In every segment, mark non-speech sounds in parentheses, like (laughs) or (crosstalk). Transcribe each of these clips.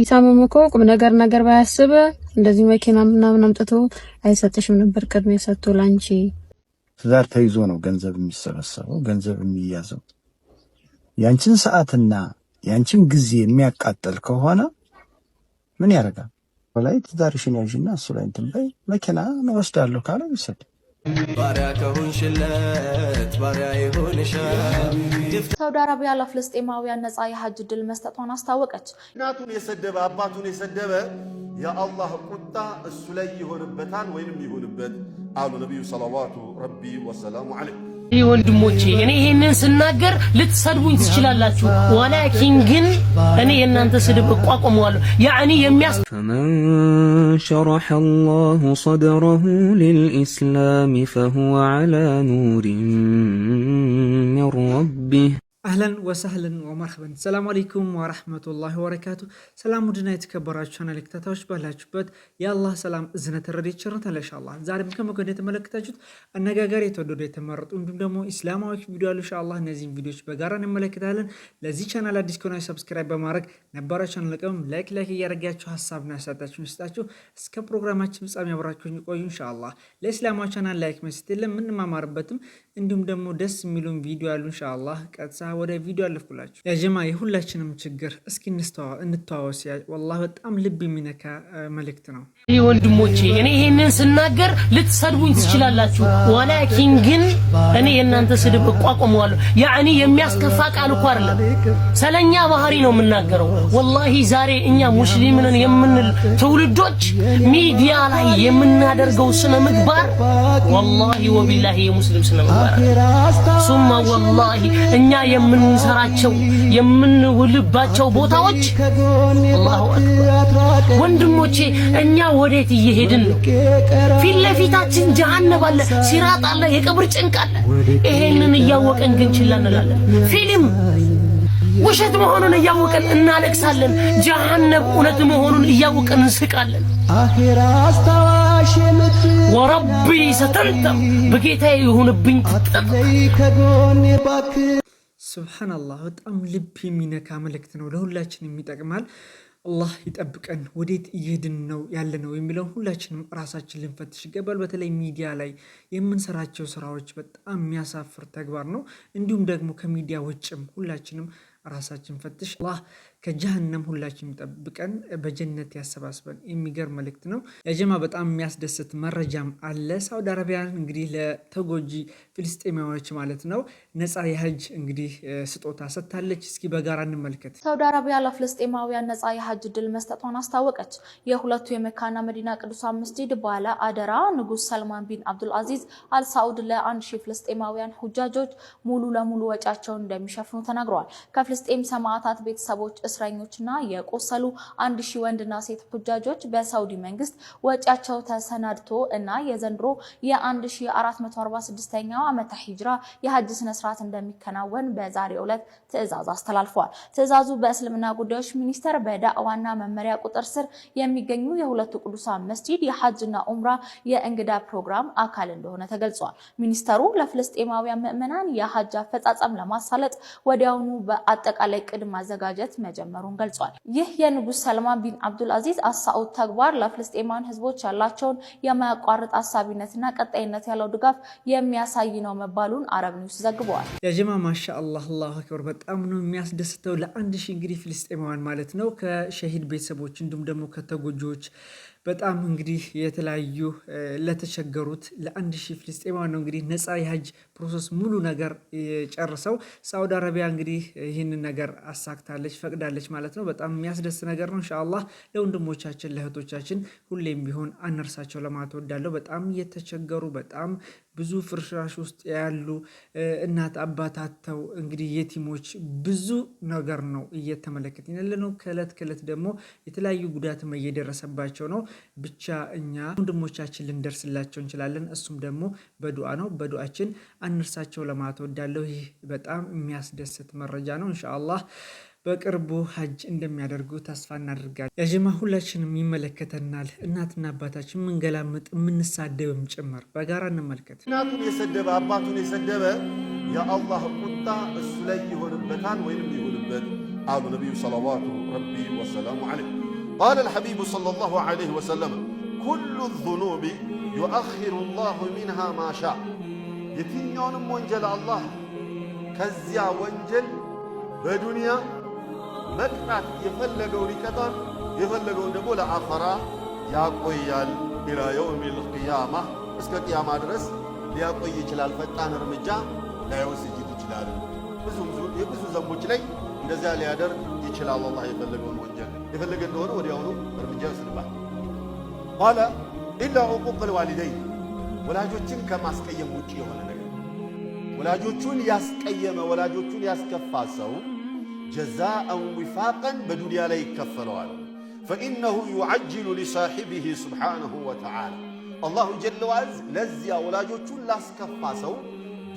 ኢሳምም እኮ ቁም ነገር ነገር ባያስብ እንደዚህ መኪና ምናምን አምጥቶ አይሰጥሽም ነበር ቅድሚያ ሰጥቶ ላንቺ። ትዳር ተይዞ ነው ገንዘብ የሚሰበሰበው ገንዘብ የሚያዘው። ያንቺን ሰዓትና ያንቺን ጊዜ የሚያቃጠል ከሆነ ምን ያደርጋል? በላይ ትዳርሽን ያዥና እሱ ላይ እንትን በይ። መኪና እወስዳለሁ ካለ ይሰድ ባሪያ ከሆንሽለት ባሪያ ይሆንሻል። ሳውዲ አረቢያ ለፍልስጤማውያን ነፃ የሀጅ ድል መስጠቷን አስታወቀች። እናቱን የሰደበ አባቱን የሰደበ የአላህ ቁጣ እሱ ላይ ይሆንበታል ወይንም ይሆንበት አሉ ነቢዩ ሰለዋቱ ረቢ ወሰላሙ አለይህ ወንድሞቼ እኔ ይሄንን ስናገር ልትሰድቡኝ ትችላላችሁ። ወላኪን ግን እኔ የእናንተ ስድብ እቋቁመዋለሁ። ያዕኒ የሚያስ ፈመን ሸረሐ አላሁ ሰድረሁ ሊልኢስላሚ ፈሁወ ዐላ ኑሪን ሚን ረቢህ አህለን ወሳህለን ወመርሐበን ሰላም አለይኩም ወራህመቱላሂ ወበረካቱ። ሰላም ውድና የተከበራችሁ ቻናል ተከታታዮች ባላችሁበት የአላህ ሰላም እዝነት ረድኤት ቸርነት ኢንሻአላህ ዛሬም ከመገን የተመለከታችሁት አነጋጋሪ የተወደዱ የተመረጡ እንዲሁም ደግሞ ኢስላማዊ ቪዲዮ አሉ። ኢንሻአላህ እነዚህን ቪዲዮዎች በጋራ እንመለከታለን። ለዚህ ቻናል አዲስ ከሆናችሁ ሰብስክራይብ በማድረግ ነባራችሁን ለቀም ላይክ ላይክ እያደረጋችሁ ሐሳብና አስተያየታችሁን ስጣችሁ እስከ ፕሮግራማችን ፍጻሜ አብራችሁን ቆዩ። ኢንሻአላህ ለኢስላማዊ ቻናል ላይክ መስጠት የምንማማርበትም እንዲሁም ደግሞ ደስ የሚሉን ቪዲዮ አሉ። ኢንሻአላህ ቀጥታ ወደ ቪዲዮ አለፍኩላችሁ። ያጀማ የሁላችንም ችግር እስኪ እንተዋወስ። ወላሂ በጣም ልብ የሚነካ መልእክት ነው። ይህ ወንድሞቼ፣ እኔ ይህንን ስናገር ልትሰድቡኝ ትችላላችሁ። ወላኪን ግን እኔ የእናንተ ስድብ እቋቁመዋለሁ። ያዕኒ የሚያስከፋ ቃል እኮ አይደለም፣ ስለኛ ባህሪ ነው የምናገረው። ወላሂ ዛሬ እኛ ሙስሊምንን የምንል ትውልዶች ሚዲያ ላይ የምናደርገው ስነ ምግባር ወላሂ ወቢላሂ የሙስሊም ስነ ምግባር ሱማ ወላሂ እኛ የም የምንሰራቸው የምንውልባቸው ቦታዎች አላሁ አክበር። ወንድሞቼ እኛ ወዴት እየሄድን ነው? ፊት ለፊታችን ጀሃነም አለ፣ ሲራጥ አለ፣ የቀብር ጭንቅ አለ። ይሄንን እያወቀን ግን ችላ እንላለን። ፊልም ውሸት መሆኑን እያወቀን እናለቅሳለን። ጀሃነም እውነት መሆኑን እያወቀን እንስቃለን። ወረቢ ሰተንተም በጌታዬ ይሁንብኝ ትጠብቅ ስብሓናላህ በጣም ልብ የሚነካ መልእክት ነው። ለሁላችንም የሚጠቅማል። አላህ ይጠብቀን። ወዴት እየሄድን ነው ያለ ነው የሚለውን ሁላችንም ራሳችን ልንፈትሽ ይገባል። በተለይ ሚዲያ ላይ የምንሰራቸው ስራዎች በጣም የሚያሳፍር ተግባር ነው። እንዲሁም ደግሞ ከሚዲያ ውጭም ሁላችንም ራሳችን ፈትሽ አላህ ከጀሃነም ሁላችን ጠብቀን በጀነት ያሰባስበን። የሚገርም መልእክት ነው ያጀማ በጣም የሚያስደስት መረጃም አለ። ሳውዲ አረቢያን እንግዲህ ለተጎጂ ፊልስጤማዎች ማለት ነው ነፃ የሀጅ እንግዲህ ስጦታ ሰጥታለች። እስኪ በጋራ እንመልከት። ሳውዲ አረቢያ ለፍልስጤማውያን ነፃ የሀጅ ድል መስጠቷን አስታወቀች። የሁለቱ የመካና መዲና ቅዱሳን መስጂድ ባለ አደራ ንጉስ ሰልማን ቢን አብዱልአዚዝ አልሳውድ ለአንድ ሺህ ፍልስጤማውያን ሁጃጆች ሙሉ ለሙሉ ወጫቸውን እንደሚሸፍኑ ተናግረዋል። ከፍልስጤም ሰማዕታት ቤተሰቦች እስረኞችና የቆሰሉ አንድ ሺህ ወንድና ሴት ፉጃጆች በሳውዲ መንግስት ወጪያቸው ተሰናድቶ እና የዘንድሮ የ1446ኛው ዓመተ ሂጅራ የሀጅ ስነስርዓት እንደሚከናወን በዛሬው ዕለት ትዕዛዝ አስተላልፏል። ትዕዛዙ በእስልምና ጉዳዮች ሚኒስቴር በዳዕዋና መመሪያ ቁጥር ስር የሚገኙ የሁለቱ ቅዱሳን መስጂድ የሀጅና ኡምራ የእንግዳ ፕሮግራም አካል እንደሆነ ተገልጿል። ሚኒስተሩ ለፍልስጤማውያን ምዕመናን የሀጅ አፈጻጸም ለማሳለጥ ወዲያውኑ በአጠቃላይ ቅድ ማዘጋጀት መጀመ መጀመሩን ገልጿል። ይህ የንጉስ ሰልማን ቢን አብዱልአዚዝ አሳኡት ተግባር ለፍልስጤማን ህዝቦች ያላቸውን የማያቋርጥ አሳቢነትና ቀጣይነት ያለው ድጋፍ የሚያሳይ ነው መባሉን አረብ ኒውስ ዘግበዋል። ያጀማ ማሻ አላህ አላሁ አክበር በጣም ነው የሚያስደስተው። ለአንድ ሺ እንግዲህ ፍልስጤማውያን ማለት ነው ከሸሂድ ቤተሰቦች እንዲሁም ደግሞ ከተጎጆዎች በጣም እንግዲህ የተለያዩ ለተቸገሩት ለአንድ ሺህ ፍልስጤማውያን ነው እንግዲህ ነፃ የሀጅ ፕሮሰስ ሙሉ ነገር ጨርሰው ሳውዲ አረቢያ እንግዲህ ይህንን ነገር አሳክታለች ፈቅዳለች ማለት ነው። በጣም የሚያስደስት ነገር ነው። እንሻአላህ ለወንድሞቻችን ለእህቶቻችን ሁሌም ቢሆን አነርሳቸው ለማለት ወዳለሁ። በጣም የተቸገሩ በጣም ብዙ ፍርስራሽ ውስጥ ያሉ እናት አባታተው እንግዲህ የቲሞች ብዙ ነገር ነው እየተመለከት ያለ ነው። ከእለት ከእለት ደግሞ የተለያዩ ጉዳትም እየደረሰባቸው ነው። ብቻ እኛ ወንድሞቻችን ልንደርስላቸው እንችላለን። እሱም ደግሞ በዱዓ ነው። በዱዓችን አንርሳቸው ለማለት ወዳለሁ። ይህ በጣም የሚያስደስት መረጃ ነው። እንሻአላህ በቅርቡ ሀጅ እንደሚያደርጉ ተስፋ እናደርጋለን። ያጀማ ሁላችንም ይመለከተናል። እናትና አባታችን የምንገላምጥ የምንሳደብም ጭምር በጋራ እንመልከት። እናቱን የሰደበ አባቱን የሰደበ የአላህ ቁጣ እሱ ላይ ይሆንበታል ወይም ይሆንበት አሉ ነቢዩ ሰለዋቱ ረቢ ወሰላሙ ዐለይህ። ቃለ ልሐቢቡ ሰለላሁ ዐለይሂ ወሰለም ኩሉ ዙኑቢ ዩአኺሩ ላሁ ሚንሃ ማሻ። የትኛውንም ወንጀል አላህ ከዚያ ወንጀል በዱንያ መቅጣት የፈለገው ሊቀጣን የፈለገውን ደግሞ ለአኸራ ያቆያል። ኢላ የውሚል ቅያማ እስከ ቅያማ ድረስ ሊያቆይ ይችላል። ፈጣን እርምጃ ላይወስጅት ይችላል። ብዙ የብዙ ዘንቦች ላይ እንደዚያ ሊያደርግ ይችላል። አላህ የፈለገውን ወንጀል የፈለገ እንደሆነ ወዲያውኑ እርምጃ ይወስድባል። ኋለ ኢላ ዕቁቅ ዋሊደይን ወላጆችን ከማስቀየም ውጭ የሆነ ነገር ወላጆቹን ያስቀየመ ወላጆቹን ያስከፋ ሰው ጀዛአን ዊፋቀን በዱንያ ላይ ይከፈለዋል። ፈኢነሁ ዩዓጅሉ ሊሳሒቢህ ስብሓነሁ ወተዓላ አላሁ ጀለ ዋዝ ለዚያ ወላጆቹን ላስከፋ ሰው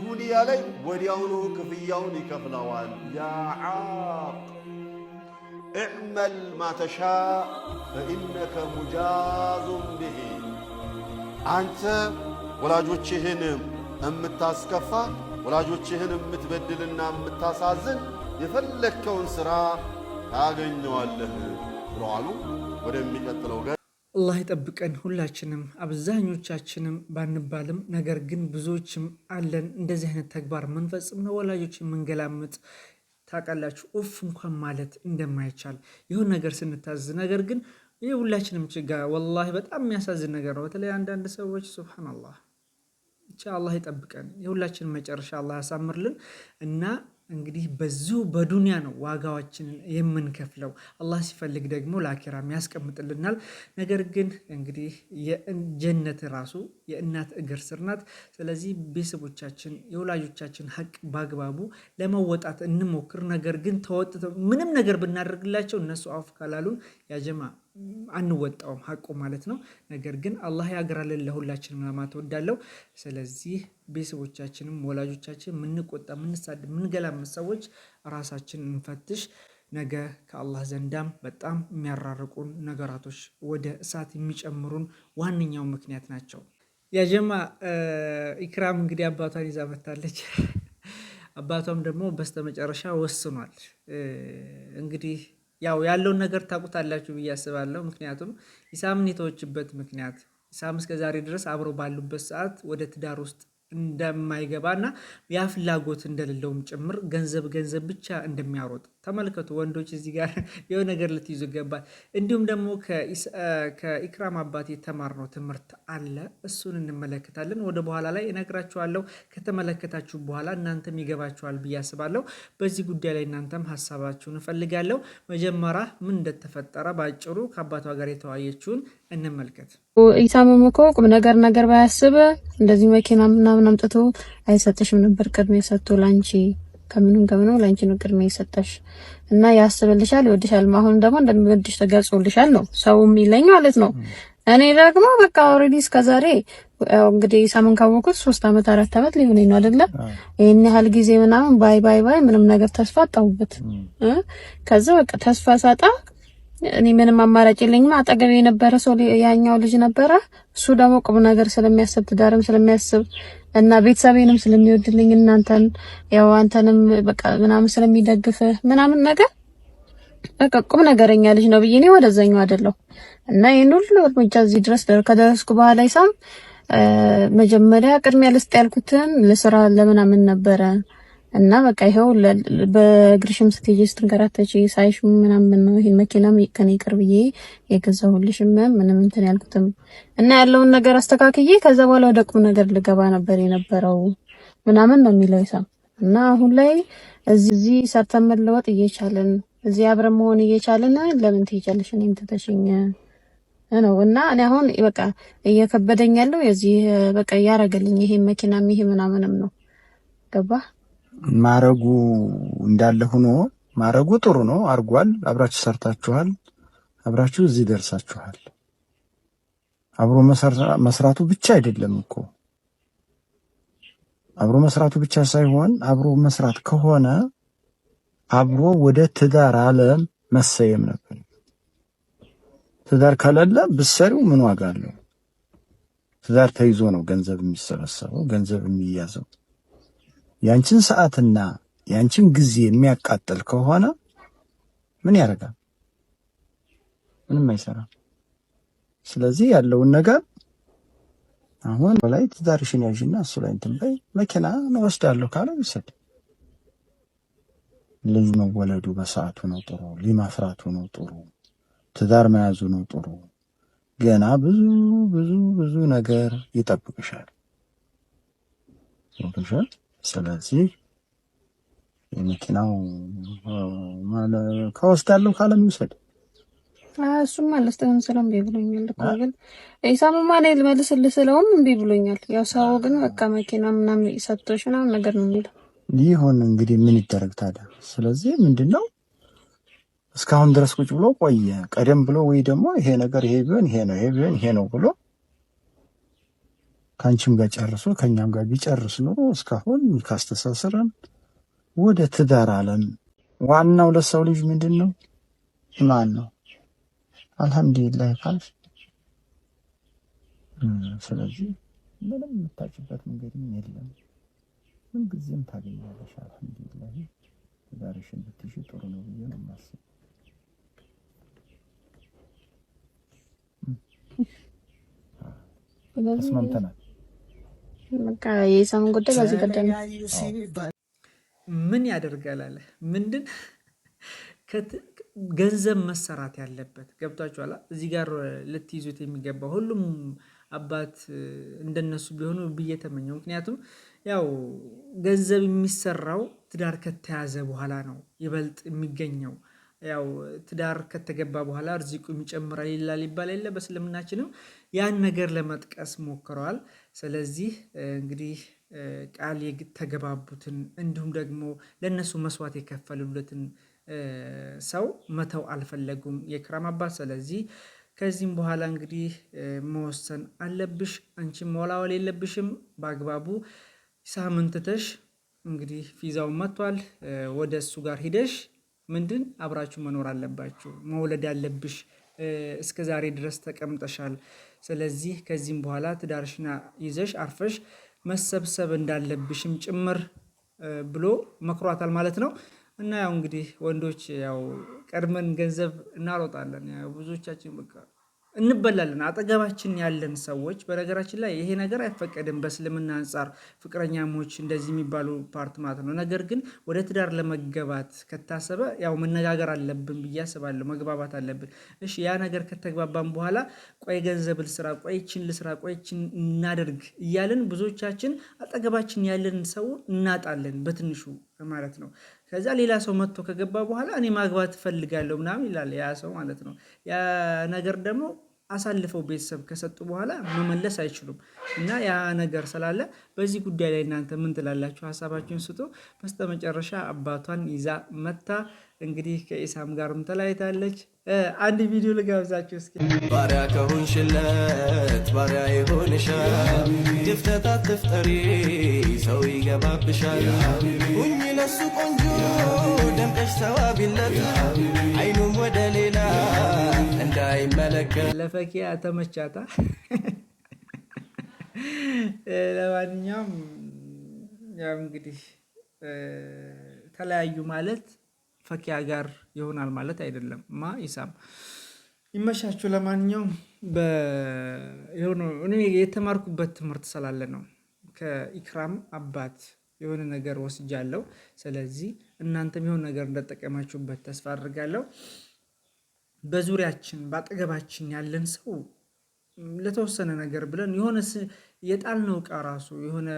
ዱንያ ላይ ወዲያውኑ ክፍያውን ይከፍለዋል። ያ ዓቅ እዕመል ማተሻ ፈኢነከ ሙጃዙን ብሂ አንተ ወላጆችህን እምታስከፋ ወላጆችህን እምትበድልና እምታሳዝን የፈለግከውን ስራ ታገኘዋለህ ብሎ ወደሚቀጥለው ገ አላህ ይጠብቀን ሁላችንም። አብዛኞቻችንም ባንባልም ነገር ግን ብዙዎችም አለን እንደዚህ አይነት ተግባር የምንፈጽም ነው ወላጆች የምንገላምጥ ታውቃላችሁ፣ ኡፍ እንኳን ማለት እንደማይቻል ይሁን ነገር ስንታዘዝ። ነገር ግን ይህ ሁላችንም ችጋ ወላሂ በጣም የሚያሳዝን ነገር ነው። በተለይ አንዳንድ ሰዎች ሱብሃነላህ ብቻ አላህ ይጠብቀን። የሁላችንም መጨረሻ አላህ ያሳምርልን እና እንግዲህ በዚሁ በዱንያ ነው ዋጋዎችንን የምንከፍለው። አላህ ሲፈልግ ደግሞ ለአኪራም ያስቀምጥልናል። ነገር ግን እንግዲህ የጀነት ራሱ የእናት እግር ስር ናት። ስለዚህ ቤተሰቦቻችን የወላጆቻችን ሀቅ በአግባቡ ለመወጣት እንሞክር። ነገር ግን ተወጥተው ምንም ነገር ብናደርግላቸው እነሱ አፍ ካላሉን ያጀማ አንወጣውም ሀቁ ማለት ነው። ነገር ግን አላህ ያግራልን ለሁላችንም ለማት ወዳለው። ስለዚህ ቤተሰቦቻችንም ወላጆቻችን ምንቆጣ፣ ምንሳድ፣ ምንገላም ሰዎች ራሳችን እንፈትሽ። ነገ ከአላህ ዘንዳም በጣም የሚያራርቁን ነገራቶች ወደ እሳት የሚጨምሩን ዋነኛው ምክንያት ናቸው። ያጀማ ኢክራም እንግዲህ አባቷን ይዛ መታለች። አባቷም ደግሞ በስተመጨረሻ ወስኗል እንግዲህ ያው ያለውን ነገር ታውቁታላችሁ ብዬ አስባለሁ። ምክንያቱም ኢሳምን የተወችበት ምክንያት ኢሳም እስከዛሬ ድረስ አብረው ባሉበት ሰዓት ወደ ትዳር ውስጥ እንደማይገባ እና ያ ፍላጎት እንደሌለውም ጭምር ገንዘብ ገንዘብ ብቻ እንደሚያሮጥ ተመልከቱ። ወንዶች እዚህ ጋር (laughs) የሆነ ነገር ልትይዙ ይገባል። እንዲሁም ደግሞ ከኢክራም አባት የተማርነው ትምህርት አለ። እሱን እንመለከታለን። ወደ በኋላ ላይ እነግራችኋለሁ። ከተመለከታችሁ በኋላ እናንተም ይገባችኋል ብዬ አስባለሁ። በዚህ ጉዳይ ላይ እናንተም ሀሳባችሁን እፈልጋለሁ። መጀመሪያ ምን እንደተፈጠረ በአጭሩ ከአባቷ ጋር የተወያየችውን እንመልከት። ኢሳምም እኮ ቁም ነገር ነገር ባያስብ እንደዚህ መኪና ምናምን አምጥቶ አይሰጥሽም ነበር። ቅድሜ ሰጥቶ ላንቺ ከምንም ከምነው ላንቺ ነው ቅድሜ ይሰጠሽ እና ያስብልሻል፣ ይወድሻል። አሁን ደግሞ እንደሚወድሽ ተገልጾልሻል ነው ሰው የሚለኝ ማለት ነው። እኔ ደግሞ በቃ ኦልሬዲ እስከዛሬ እንግዲህ ኢሳምን ካወኩት ሶስት አመት አራት አመት ሊሆነኝ ነው አይደለ? ይህን ያህል ጊዜ ምናምን ባይ ባይ ባይ ምንም ነገር ተስፋ አጣሁበት። ከዛ በቃ ተስፋ ሳጣ እኔ ምንም አማራጭ የለኝም። አጠገቤ የነበረ ሰው ያኛው ልጅ ነበረ። እሱ ደግሞ ቁም ነገር ስለሚያስብ ትዳርም ስለሚያስብ እና ቤተሰቤንም ስለሚወድልኝ እናንተን ያው አንተንም በቃ ምናምን ስለሚደግፍ ምናምን ነገር በቃ ቁም ነገረኛ ልጅ ነው ብዬ እኔ ወደዛኛው አይደለሁ እና ይህን ሁሉ እርምጃ እዚህ ድረስ ከደረስኩ በኋላ ይሳም መጀመሪያ ቅድሚያ ልስጥ ያልኩትን ለስራ ለምናምን ነበረ እና በቃ ይኸው በእግርሽም ስትሄጂ ስትንከራተች ሳይሽ ምናምን ነው። ይሄን መኪናም ከኔ ቅርብዬ የገዛሁልሽም ምንም እንትን ያልኩትም እና ያለውን ነገር አስተካክዬ ከዛ በኋላ ወደ ቁም ነገር ልገባ ነበር የነበረው ምናምን ነው የሚለው ይሳ እና አሁን ላይ እዚህ ሰርተን መለወጥ እየቻለን እዚህ አብረን መሆን እየቻለን ለምን ትሄጃለሽ እኔን ትተሽኝ ነው እና እኔ አሁን በቃ እየከበደኝ ያለው የዚህ በቃ እያረገልኝ ይሄ መኪናም ይሄ ምናምንም ነው ገባ ማረጉ እንዳለ ሆኖ ማረጉ ጥሩ ነው፣ አርጓል። አብራችሁ ሰርታችኋል፣ አብራችሁ እዚህ ደርሳችኋል። አብሮ መስራቱ ብቻ አይደለም እኮ አብሮ መስራቱ ብቻ ሳይሆን አብሮ መስራት ከሆነ አብሮ ወደ ትዳር ዓለም መሰየም ነበር። ትዳር ከሌለ ብሰሪው ምን ዋጋ አለው? ትዳር ተይዞ ነው ገንዘብ የሚሰበሰበው፣ ገንዘብ የሚያዘው። ያንቺን ሰዓትና ያንቺን ጊዜ የሚያቃጥል ከሆነ ምን ያደርጋል? ምንም አይሰራም። ስለዚህ ያለውን ነገር አሁን በላይ ትዳርሽን ያዥና እሱ ላይ እንትን በይ። መኪና እወስዳለሁ ካለ ይውሰድ። ልጅ መወለዱ በሰዓቱ ነው ጥሩ። ሊማፍራቱ ነው ጥሩ። ትዳር መያዙ ነው ጥሩ። ገና ብዙ ብዙ ብዙ ነገር ይጠብቅሻል። ስለዚህ የመኪናው ያለው ካለም ይውሰድ። እሱም አልወስድህም ስለው እምቢ ብሎኛል እኮ ግን ኢሳሙማ እኔ ልመልስልህ ስለውም እምቢ ብሎኛል። ያው ሰው ግን በቃ መኪና ምናምን ሰጥቶሽ ምናምን ነገር ነው የሚለው። ይሁን እንግዲህ ምን ይደረግ ታዲያ። ስለዚህ ምንድን ነው እስካሁን ድረስ ቁጭ ብሎ ቆየ። ቀደም ብሎ ወይ ደግሞ ይሄ ነገር ይሄ ቢሆን ይሄ ነው ይሄ ቢሆን ይሄ ነው ብሎ ከአንቺም ጋር ጨርሶ ከእኛም ጋር ቢጨርስ ኖሮ እስካሁን ካስተሳሰረን ወደ ትዳር አለም። ዋናው ለሰው ልጅ ምንድን ነው? ማን ነው። አልሐምዱሊላህ ካል ስለዚህ ምንም የምታጭበት መንገድም የለም። ምን ጊዜም ታገኛለሽ። አልሐምዱሊላህ ትዳርሽን ብትሽ ጥሩ ነው ብዬ ነው የማስበው። ተስማምተናል። በቃ የኢሳምን ጉዳይ በዚህ ቀደም ምን ያደርጋል አለ ምንድን ገንዘብ መሰራት ያለበት ገብቷችኋል። እዚህ ጋር ልትይዙት የሚገባ ሁሉም አባት እንደነሱ ቢሆኑ ብዬ ተመኘው። ምክንያቱም ያው ገንዘብ የሚሰራው ትዳር ከተያዘ በኋላ ነው ይበልጥ የሚገኘው። ያው ትዳር ከተገባ በኋላ እርዚቁ የሚጨምራል ይላል ይባል የለ በእስልምናችንም ያን ነገር ለመጥቀስ ሞክረዋል። ስለዚህ እንግዲህ ቃል የተገባቡትን እንዲሁም ደግሞ ለእነሱ መስዋዕት የከፈሉለትን ሰው መተው አልፈለጉም የክራም አባት። ስለዚህ ከዚህም በኋላ እንግዲህ መወሰን አለብሽ፣ አንቺ መወላወል የለብሽም። በአግባቡ ሳምንትተሽ እንግዲህ ፊዛው መጥቷል፣ ወደ እሱ ጋር ሂደሽ ምንድን አብራችሁ መኖር አለባችሁ፣ መውለድ አለብሽ እስከ ዛሬ ድረስ ተቀምጠሻል። ስለዚህ ከዚህም በኋላ ትዳርሽና ይዘሽ አርፈሽ መሰብሰብ እንዳለብሽም ጭምር ብሎ መክሯታል ማለት ነው። እና ያው እንግዲህ ወንዶች ያው ቀድመን ገንዘብ እናሮጣለን። ብዙዎቻችን በቃ እንበላለን አጠገባችን ያለን ሰዎች። በነገራችን ላይ ይሄ ነገር አይፈቀድም በእስልምና አንጻር ፍቅረኛሞች እንደዚህ የሚባሉ ፓርት ማለት ነው። ነገር ግን ወደ ትዳር ለመገባት ከታሰበ ያው መነጋገር አለብን ብዬ አስባለሁ። መግባባት አለብን። እሺ ያ ነገር ከተግባባን በኋላ ቆይ ገንዘብ ልስራ፣ ቆይችን ልስራ፣ ቆይችን እናደርግ እያለን ብዙዎቻችን አጠገባችን ያለን ሰው እናጣለን በትንሹ ማለት ነው። ከዛ ሌላ ሰው መጥቶ ከገባ በኋላ እኔ ማግባት እፈልጋለሁ ምናምን ይላል ያ ሰው ማለት ነው። ያ ነገር ደግሞ አሳልፈው ቤተሰብ ከሰጡ በኋላ መመለስ አይችሉም እና ያ ነገር ስላለ በዚህ ጉዳይ ላይ እናንተ ምን ትላላችሁ? ሀሳባችሁን ስጡ። በስተመጨረሻ አባቷን ይዛ መታ እንግዲህ ከኢሳም ጋርም ተለያይታለች። አንድ ቪዲዮ ልጋብዛችሁ እስኪ። ባሪያ ከሆንሽለት ባሪያ ይሆንሻል። ድፍተት አትፍጠሪ፣ ሰው ይገባብሻል። ሁኚ ለሱ ቆንጆ ደምቀሽ ተዋቢለት አይመለከት ለፈኪያ ተመቻታ። ለማንኛውም ያው እንግዲህ ተለያዩ ማለት ፈኪያ ጋር ይሆናል ማለት አይደለም። ማ ይሳም ይመሻችሁ። ለማንኛውም እኔ የተማርኩበት ትምህርት ስላለ ነው ከኢክራም አባት የሆነ ነገር ወስጃለሁ። ስለዚህ እናንተም የሆነ ነገር እንደጠቀማችሁበት ተስፋ አድርጋለሁ። በዙሪያችን በአጠገባችን ያለን ሰው ለተወሰነ ነገር ብለን የሆነ የጣልነው እቃ ራሱ የሆነ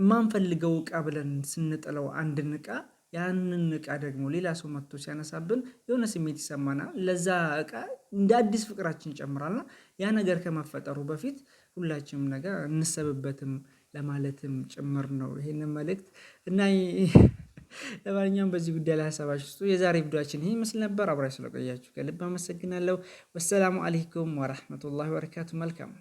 የማንፈልገው እቃ ብለን ስንጥለው አንድን እቃ ያንን እቃ ደግሞ ሌላ ሰው መጥቶ ሲያነሳብን የሆነ ስሜት ይሰማናል። ለዛ እቃ እንደ አዲስ ፍቅራችን ይጨምራልና ያ ነገር ከመፈጠሩ በፊት ሁላችንም ነገር እንሰብበትም ለማለትም ጭምር ነው ይሄንን መልእክት እና ለማንኛውም በዚህ ጉዳይ ላይ ሀሳባችሁ ስጡ። የዛሬ ቪዲዮችን ይህ ምስል ነበር። አብራችሁ ስለቆያችሁ ከልብ አመሰግናለሁ። ወሰላሙ አለይኩም ወራህመቱላሂ ወበረካቱ። መልካም